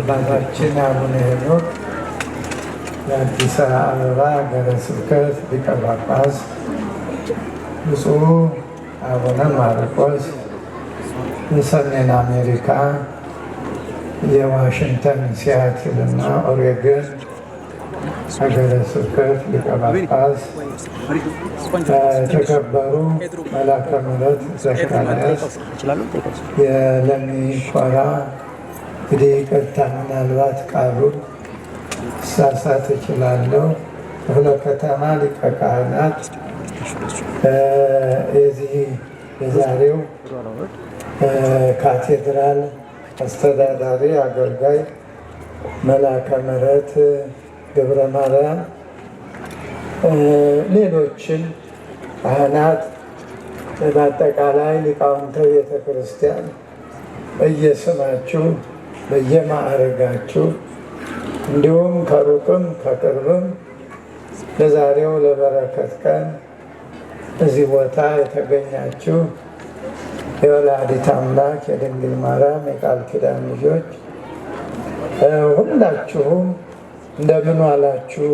አባታችን አቡነ ሄኖክ የአዲስ አበባ ሀገረ ስብከት ሊቀ ጳጳስ፣ ብፁዕ አቡነ ማርቆስ የሰሜን አሜሪካ የዋሽንግተን ሲያትልና ኦሬገን ሀገረ ስብከት ሊቀ ጳጳስ የተከበሩ መላከ ምሕረት ዘካርያስ የለሚ ኮራ እንግዲህ ይቅርታ፣ ምናልባት ቃሉን ሳሳት እችላለሁ። ክፍለ ከተማ ሊቀ ካህናት የዚህ የዛሬው ካቴድራል አስተዳዳሪ አገልጋይ መላከ ምሕረት ገብረ ማርያም፣ ሌሎችን ካህናት፣ በአጠቃላይ ሊቃውንተ ቤተ ክርስቲያን በየስማችሁ በየማዕረጋችሁ እንዲሁም ከሩቅም ከቅርብም ለዛሬው ለበረከት ቀን እዚህ ቦታ የተገኛችሁ የወላዲት አምላክ የድንግል ማርያም የቃል ኪዳን ልጆች ሁላችሁም እንደምን ዋላችሁ?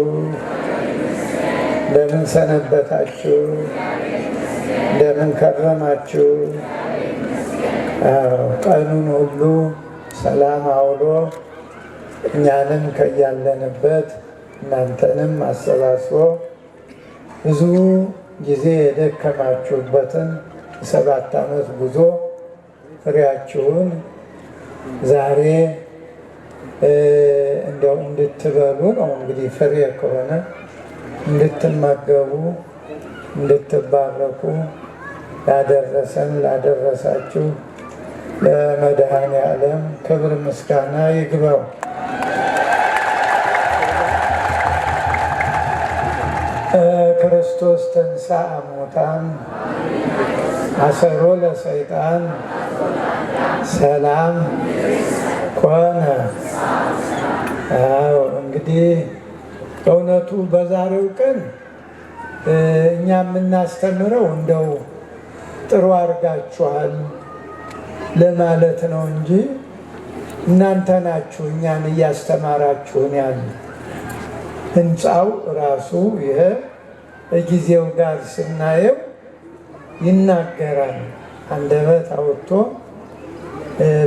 እንደምን ሰነበታችሁ? እንደምን ከረማችሁ? ቀኑን ሁሉ ሰላም አውሎ እኛንም ከያለንበት እናንተንም አሰባስቦ ብዙ ጊዜ የደከማችሁበትን ሰባት ዓመት ጉዞ ፍሬያችሁን ዛሬ እንዲያው እንድትበሉ ነው እንግዲህ ፍሬ ከሆነ እንድትመገቡ እንድትባረኩ ላደረሰን ላደረሳችሁ ለመድኃኔ ዓለም ክብር ምስጋና ይግባው። ክርስቶስ ተንሥአ እሙታን አሰሮ ለሰይጣን ሰላም ኮነ። እንግዲህ በእውነቱ በዛሬው ቀን እኛ የምናስተምረው እንደው ጥሩ አድርጋችኋል ለማለት ነው እንጂ እናንተ ናችሁ እኛን እያስተማራችሁን ያለ። ህንፃው ራሱ ይሄ ከጊዜው ጋር ስናየው ይናገራል። አንደበት አውጥቶ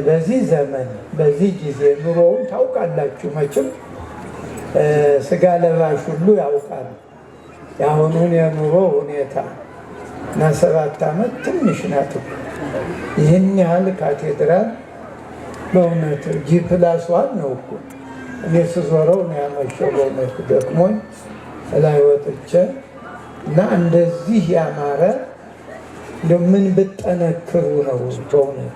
በዚህ ዘመን በዚህ ጊዜ ኑሮውን ታውቃላችሁ መቼም ስጋ ለባሽ ሁሉ ያውቃል የአሁኑን የኑሮ ሁኔታ እና ሰባት ዓመት ትንሽ ናት። ይህን ያህል ካቴድራል በእውነት ጂፕላስዋን ነው እኮ እኔ ስዞረው ነው ያመሸው። በእውነት ደክሞኝ እላይ ወጥቼ እና እንደዚህ ያማረ ምን ብጠነክሩ ነው በእውነት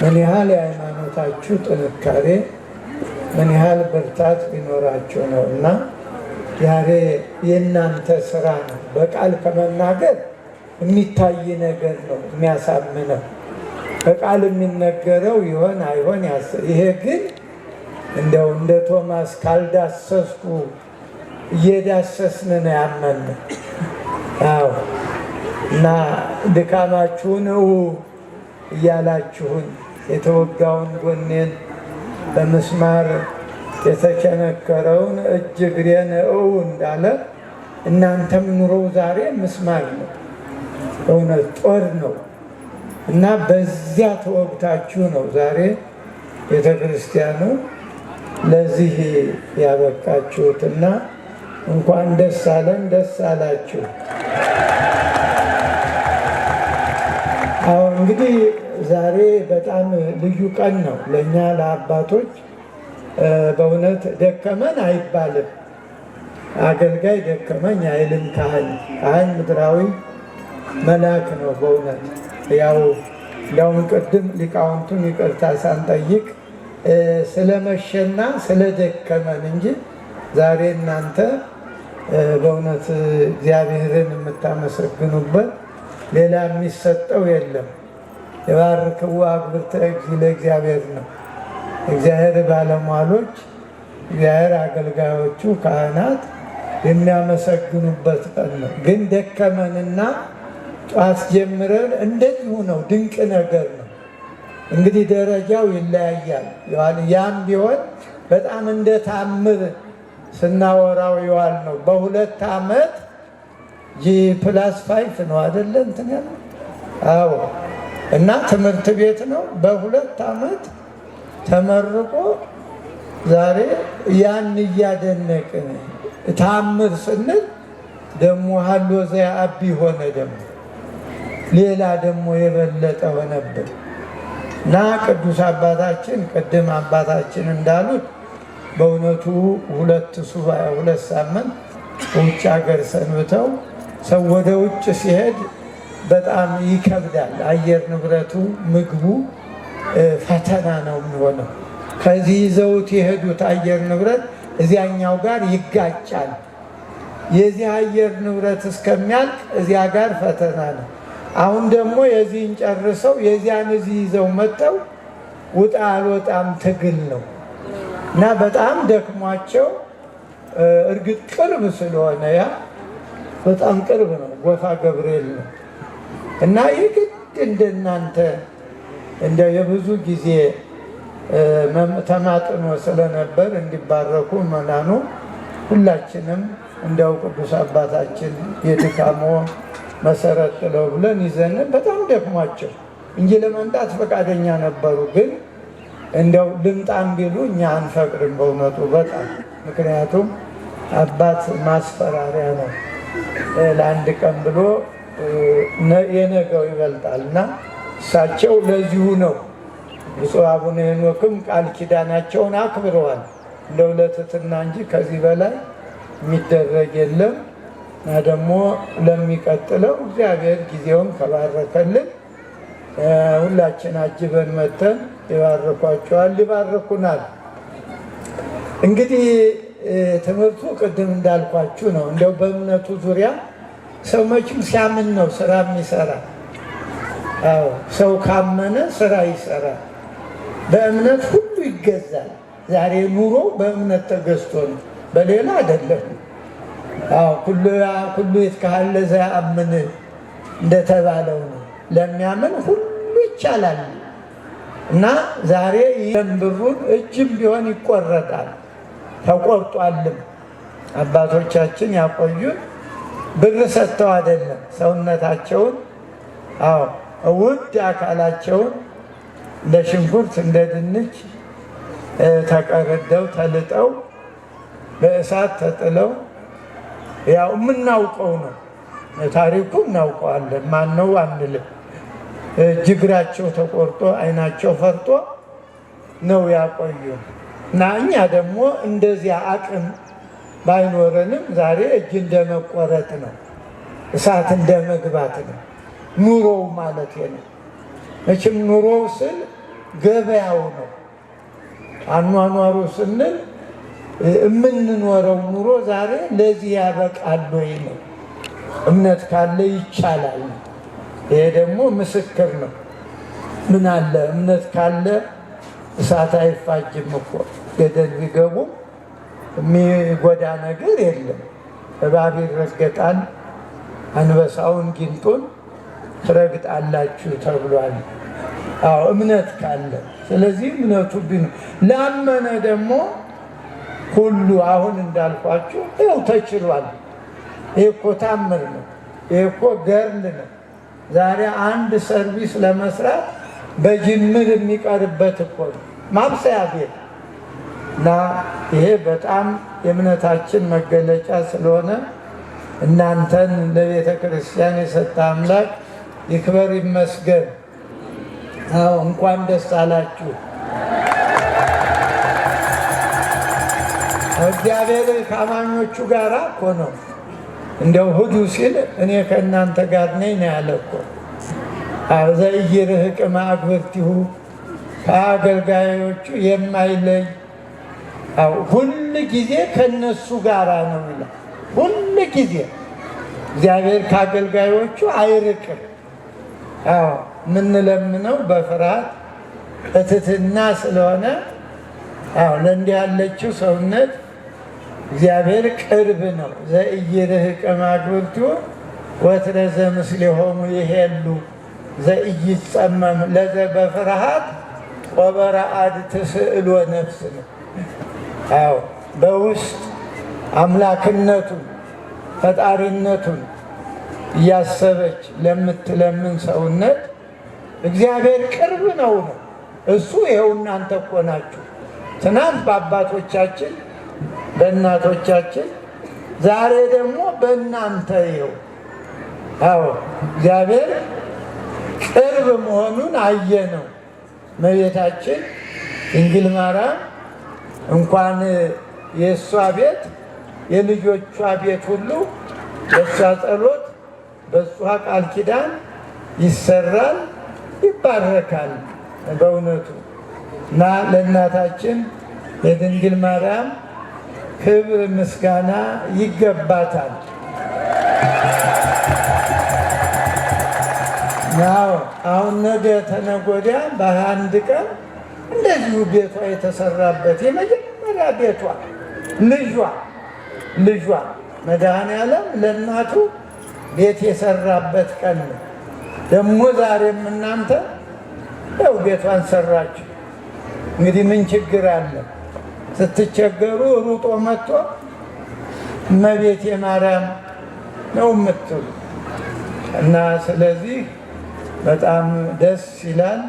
ምን ያህል የሃይማኖታችሁ ጥንካሬ ምን ያህል ብርታት ቢኖራችሁ ነው። እና ያሬ የእናንተ ስራ ነው። በቃል ከመናገር የሚታይ ነገር ነው የሚያሳምነው። በቃል የሚነገረው ይሆን አይሆን ያስ ይሄ ግን እንደው እንደ ቶማስ ካልዳሰስኩ እየዳሰስን ነው ያመንነው። እና ድካማችሁን እው እያላችሁን የተወጋውን ጎኔን በምስማር የተቸነከረውን እጅ እግሬን እው እንዳለ እናንተም ኑሮ ዛሬ ምስማር ነው፣ እውነት ጦር ነው እና በዚያ ተወግታችሁ ነው ዛሬ ቤተ ክርስቲያኑ ለዚህ ያበቃችሁትና እንኳን ደስ አለን ደስ አላችሁ። አሁ እንግዲህ ዛሬ በጣም ልዩ ቀን ነው ለእኛ ለአባቶች። በእውነት ደከመን አይባልም። አገልጋይ ደከመኝ አይልም ካህን። ካህን ምድራዊ መልአክ ነው በእውነት ያው ለውን ቅድም ሊቃውንቱን ይቅርታ ሳንጠይቅ ስለመሸና ስለደከመን እንጂ ዛሬ እናንተ በእውነት እግዚአብሔርን የምታመሰግኑበት ሌላ የሚሰጠው የለም። የባርክዋ ብልተ ለእግዚአብሔር ነው። እግዚአብሔር ባለሟሎች፣ እግዚአብሔር አገልጋዮቹ ካህናት የሚያመሰግኑበት ቀን ነው። ግን ደከመንና ጧት ጀምረን እንደዚሁ ነው። ድንቅ ነገር ነው። እንግዲህ ደረጃው ይለያያል። ያም ቢሆን በጣም እንደ ታምር ስናወራው ይዋል ነው። በሁለት ዓመት ጂ ፕላስ ፋይፍ ነው አደለ እንትን ያለ አዎ እና ትምህርት ቤት ነው። በሁለት ዓመት ተመርቆ ዛሬ ያን እያደነቅን ታምር ስንል ደግሞ ሀሎ ዘያ አቢ ሆነ ደግሞ ሌላ ደግሞ የበለጠ ሆነብን እና ቅዱስ አባታችን ቅድም አባታችን እንዳሉት በእውነቱ ሁለት ሱባኤ ሁለት ሳምንት ውጭ ሀገር ሰንብተው ሰው ወደ ውጭ ሲሄድ በጣም ይከብዳል። አየር ንብረቱ፣ ምግቡ ፈተና ነው የሚሆነው። ከዚህ ይዘውት የሄዱት አየር ንብረት እዚያኛው ጋር ይጋጫል። የዚህ አየር ንብረት እስከሚያልቅ እዚያ ጋር ፈተና ነው። አሁን ደግሞ የዚህን ጨርሰው የዚያን እዚህ ይዘው መጥተው ውጣ አልወጣም ትግል ነው እና በጣም ደክሟቸው እርግጥ ቅርብ ስለሆነ ያ በጣም ቅርብ ነው። ጎፋ ገብርኤል ነው እና ይህ ግድ እንደናንተ እንደ የብዙ ጊዜ ተማጥኖ ስለነበር እንዲባረኩ መናኑ ሁላችንም እንዲያው ቅዱስ አባታችን የድካሞ መሰረት ጥለው ብለን ይዘንን በጣም ደክሟቸው እንጂ ለመምጣት ፈቃደኛ ነበሩ። ግን እንዲያው ልምጣም ቢሉ እኛ አንፈቅድም በእውነቱ በጣም ምክንያቱም አባት ማስፈራሪያ ነው። ለአንድ ቀን ብሎ የነገው ይበልጣል እና እሳቸው ለዚሁ ነው ብፁዕ አቡነ ሄኖክም ቃል ኪዳናቸውን አክብረዋል። ለውለትትና እንጂ ከዚህ በላይ የሚደረግ የለም እና ደግሞ ለሚቀጥለው እግዚአብሔር ጊዜውን ከባረከልን ሁላችን አጅበን መተን ይባርኳቸዋል፣ ይባርኩናል። እንግዲህ ትምህርቱ ቅድም እንዳልኳችሁ ነው። እንደው በእምነቱ ዙሪያ ሰው መቼም ሲያምን ነው ስራ የሚሰራ። አዎ ሰው ካመነ ስራ ይሰራ በእምነት ሁሉ ይገዛል። ዛሬ ኑሮ በእምነት ተገዝቶ ነው፣ በሌላ አይደለም። አዎ ሁሉ ሁሉ ይትከሀለ ዘያአምን እንደተባለው ነው። ለሚያምን ሁሉ ይቻላል። እና ዛሬ ብሩን እጅም ቢሆን ይቆረጣል፣ ተቆርጧልም አባቶቻችን ያቆዩን ብር ሰጥተው አይደለም ሰውነታቸውን፣ አዎ ውድ አካላቸውን ለሽንኩርት እንደ ድንች ተቀርደው ተልጠው በእሳት ተጥለው ያው የምናውቀው ነው ታሪኩ፣ እናውቀዋለን። ማን ነው አንልም። ጅግራቸው ተቆርጦ አይናቸው ፈርጦ ነው ያቆዩ እና እኛ ደግሞ እንደዚያ አቅም ባይኖረንም ዛሬ እጅ እንደመቆረጥ ነው፣ እሳት እንደመግባት ነው ኑሮው ማለት ነው። መቼም ኑሮው ስል ገበያው ነው። አኗኗሩ ስንል የምንኖረው ኑሮ ዛሬ ለዚህ ያበቃል ወይ ነው። እምነት ካለ ይቻላል። ይሄ ደግሞ ምስክር ነው። ምን አለ እምነት ካለ እሳት አይፋጅም እኮ ገደል ቢገቡም? የሚጎዳ ነገር የለም። እባብ ይረገጣል፣ አንበሳውን ጊንጡን ትረግጣላችሁ ተብሏል። አዎ እምነት ካለ ስለዚህ እምነቱ ቢኑ ላመነ ደግሞ ሁሉ አሁን እንዳልኳችሁ ይኸው ተችሏል። ይህ እኮ ታምር ነው። ይህ እኮ ገርል ነው። ዛሬ አንድ ሰርቪስ ለመስራት በጅምር የሚቀርበት እኮ ነው ማብሰያ ቤት እና ይሄ በጣም የእምነታችን መገለጫ ስለሆነ እናንተን ለቤተ ክርስቲያን የሰጠ አምላክ ይክበር ይመስገን። አዎ እንኳን ደስ አላችሁ። እግዚአብሔር ከአማኞቹ ጋር እኮ ነው። እንደው ሁዱ ሲል እኔ ከእናንተ ጋር ነኝ ነው ያለ እኮ አብዘይ ከአገልጋዮቹ የማይለይ ሁል ጊዜ ከነሱ ጋር ነው ይላል። ሁል ጊዜ እግዚአብሔር ከአገልጋዮቹ አይርቅም። የምንለምነው በፍርሃት እትትና ስለሆነ ለእንዲህ ያለችው ሰውነት እግዚአብሔር ቅርብ ነው። ዘኢይርህቀ ማግብርቱ ወትረ ዘምስሌሆሙ ይሄሉ ዘኢይጸመም ለዘ በፍርሃት ወበረአድ ትስእሎ ነፍስ ነው። በውስጥ አምላክነቱን ፈጣሪነቱን እያሰበች ለምትለምን ሰውነት እግዚአብሔር ቅርብ ነው ነው እሱ ይኸው እናንተ እኮ ናችሁ። ትናንት በአባቶቻችን በእናቶቻችን፣ ዛሬ ደግሞ በእናንተ ይኸው። አዎ እግዚአብሔር ቅርብ መሆኑን አየ ነው። መቤታችን ድንግል ማርያም እንኳን የእሷ ቤት የልጆቿ ቤት ሁሉ በእሷ ጸሎት በእሷ ቃል ኪዳን ይሰራል፣ ይባረካል። በእውነቱ እና ለእናታችን የድንግል ማርያም ክብር ምስጋና ይገባታል። አሁን ነገ ተነጎዳ በአንድ ቀን እንደዚሁ ቤቷ የተሰራበት የመጀመሪያ ቤቷ ልጇ ልጇ መድኃኔዓለም ለእናቱ ቤት የሰራበት ቀን ነው። ደግሞ ዛሬም እናንተ ያው ቤቷን ሰራችሁ። እንግዲህ ምን ችግር አለ? ስትቸገሩ ሩጦ መጥቶ እመቤቴ ማርያም ነው የምትሉ እና ስለዚህ በጣም ደስ ይላል።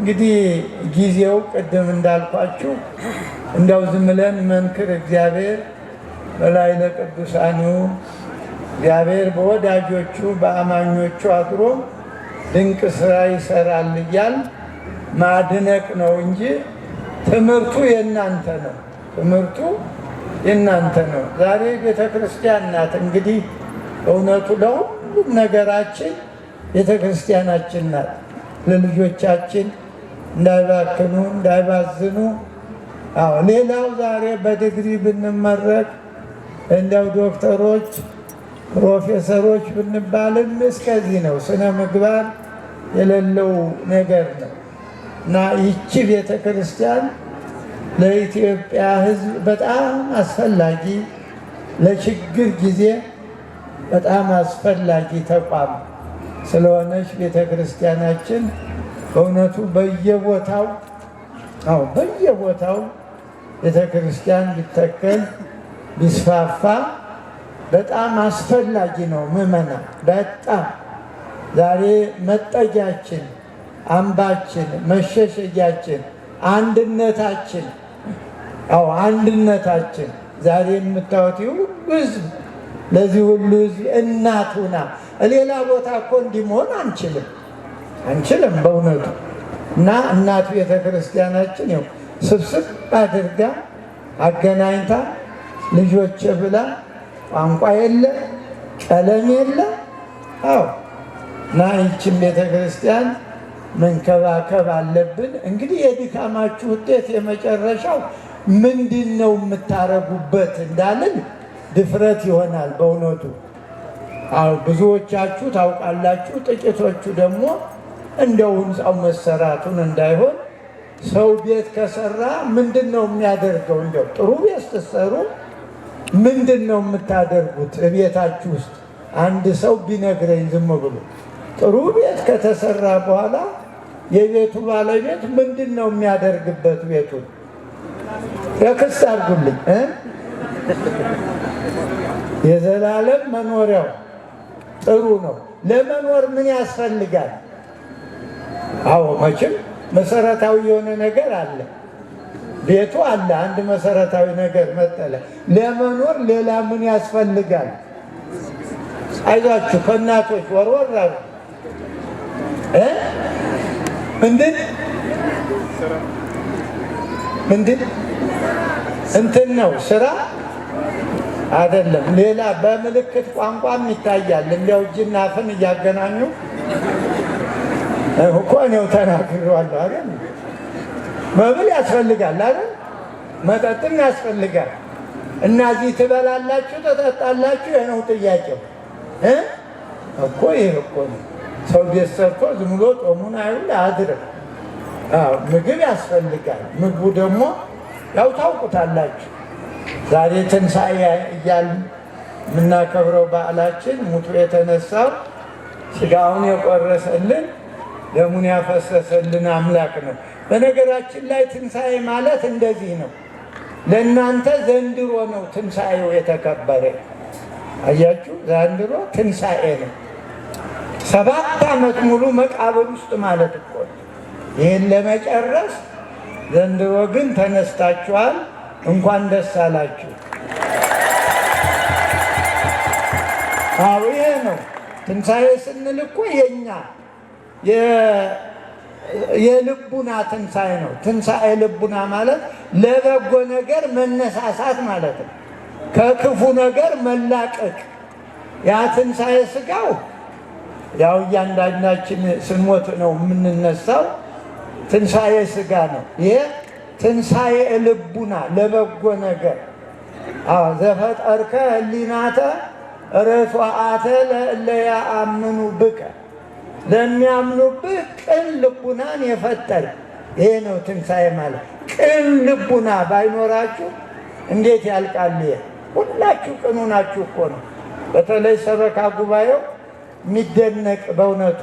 እንግዲህ ጊዜው ቅድም እንዳልኳችሁ እንዳው ዝም ብለን መንክር እግዚአብሔር በላይ ለቅዱሳኑ እግዚአብሔር በወዳጆቹ በአማኞቹ አድሮ ድንቅ ስራ ይሰራል እያል ማድነቅ ነው እንጂ ትምህርቱ የእናንተ ነው። ትምህርቱ የእናንተ ነው። ዛሬ ቤተ ክርስቲያን ናት። እንግዲህ እውነቱ ለሁሉም ነገራችን ቤተ ክርስቲያናችን ናት። ለልጆቻችን እንዳይባክኑ እንዳይባዝኑ። አዎ ሌላው ዛሬ በዲግሪ ብንመረቅ እንደው ዶክተሮች ፕሮፌሰሮች ብንባልም እስከዚህ ነው። ስነ ምግባር የሌለው ነገር ነው እና ይቺ ቤተ ክርስቲያን ለኢትዮጵያ ሕዝብ በጣም አስፈላጊ ለችግር ጊዜ በጣም አስፈላጊ ተቋም ስለሆነች ቤተ ክርስቲያናችን በእውነቱ በየቦታው አዎ በየቦታው ቤተ ክርስቲያን ቢተከል ቢስፋፋ በጣም አስፈላጊ ነው። ምዕመና በጣም ዛሬ መጠጊያችን፣ አምባችን፣ መሸሸጊያችን፣ አንድነታችን አዎ አንድነታችን ዛሬ የምታወት ሁሉ ህዝብ ለዚህ ሁሉ ህዝብ እናት ሁና ሌላ ቦታ እኮ እንዲመሆን አንችልም። አንችልም በእውነቱ እና እናቱ ቤተ ክርስቲያናችን ው ስብስብ አድርጋ አገናኝታ ልጆች ብላ ቋንቋ የለ ቀለም የለ አው እና ይችን ቤተ ክርስቲያን መንከባከብ አለብን። እንግዲህ የድካማችሁ ውጤት የመጨረሻው ምንድን ነው የምታረጉበት እንዳልን ድፍረት ይሆናል በእውነቱ። አዎ ብዙዎቻችሁ ታውቃላችሁ፣ ጥቂቶቹ ደግሞ እንደው ህንፃው መሰራቱን እንዳይሆን ሰው ቤት ከሰራ ምንድን ነው የሚያደርገው? እንደው ጥሩ ቤት ስትሰሩ ምንድን ነው የምታደርጉት እቤታችሁ ውስጥ? አንድ ሰው ቢነግረኝ ዝም ብሎ ጥሩ ቤት ከተሰራ በኋላ የቤቱ ባለቤት ምንድን ነው የሚያደርግበት? ቤቱን ለክስ አድርጉልኝ። የዘላለም መኖሪያው ጥሩ ነው። ለመኖር ምን ያስፈልጋል? አዎ መቼም መሰረታዊ የሆነ ነገር አለ። ቤቱ አለ። አንድ መሰረታዊ ነገር መጠለ ለመኖር ሌላ ምን ያስፈልጋል? አይዟችሁ ከእናቶች ወርወራ ምንድን ምንድን እንትን ነው ስራ አይደለም። ሌላ በምልክት ቋንቋም ይታያል። እንዲያው እጅና አፍን እያገናኙ እኮ እኔው ተናግሬዋለሁ አይደል? መብል ያስፈልጋል አይደል? መጠጥም ያስፈልጋል። እናዚህ ትበላላችሁ፣ ትጠጣላችሁ። ይህ ነው ጥያቄው እኮ ይህ እኮ ነው። ሰው ቤት ሰርቶ ዝም ብሎ ጦሙን አይውል አያድርም። ምግብ ያስፈልጋል። ምግቡ ደግሞ ያው ታውቁታላችሁ። ዛሬ ትንሣኤ እያል የምናከብረው በዓላችን ሙቱ የተነሳው ስጋውን የቆረሰልን ደሙን ያፈሰሰልን አምላክ ነው። በነገራችን ላይ ትንሣኤ ማለት እንደዚህ ነው። ለእናንተ ዘንድሮ ነው ትንሣኤው የተከበረ። አያችሁ፣ ዘንድሮ ትንሣኤ ነው። ሰባት ዓመት ሙሉ መቃብር ውስጥ ማለት እኮ ይህን ለመጨረስ ዘንድሮ ግን ተነስታችኋል። እንኳን ደስ አላችሁ። አዎ ይሄ ነው ትንሣኤ ስንል እኮ የኛ የልቡና ትንሣኤ ነው። ትንሣኤ ልቡና ማለት ለበጎ ነገር መነሳሳት ማለት ነው። ከክፉ ነገር መላቀቅ። ያ ትንሣኤ ስጋው ያው እያንዳንዳችን ስንሞት ነው የምንነሳው። ትንሣኤ ስጋ ነው። ይሄ ትንሣኤ ልቡና ለበጎ ነገር ዘፈጠርከ ህሊናተ ረቷአተ ለእለያ አምኑ በሚያምኑብህ ቅን ልቡናን የፈጠር ይሄ ነው ትንሣኤ ማለት። ቅን ልቡና ባይኖራችሁ እንዴት ያልቃል? ይሄ ሁላችሁ ቅኑ ናችሁ እኮ ነው። በተለይ ሰበካ ጉባኤው የሚደነቅ በእውነቱ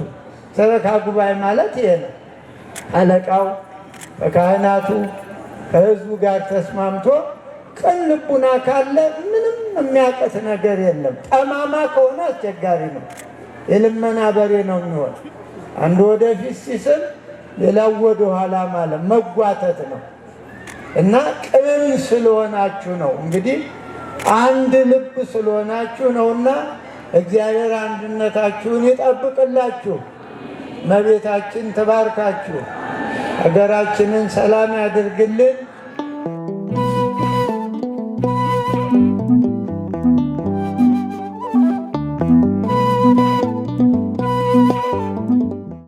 ሰበካ ጉባኤ ማለት ይሄ ነው። አለቃው ከካህናቱ ከህዝቡ ጋር ተስማምቶ ቅን ልቡና ካለ ምንም የሚያቀት ነገር የለም። ጠማማ ከሆነ አስቸጋሪ ነው። የልመና በሬ ነው የሚሆን። አንዱ ወደፊት ሲስል ሌላው ወደ ኋላ ማለት መጓተት ነው እና ቅን ስለሆናችሁ ነው እንግዲህ አንድ ልብ ስለሆናችሁ ነውና እግዚአብሔር አንድነታችሁን ይጠብቅላችሁ። መቤታችን ትባርካችሁ። ሀገራችንን ሰላም ያድርግልን።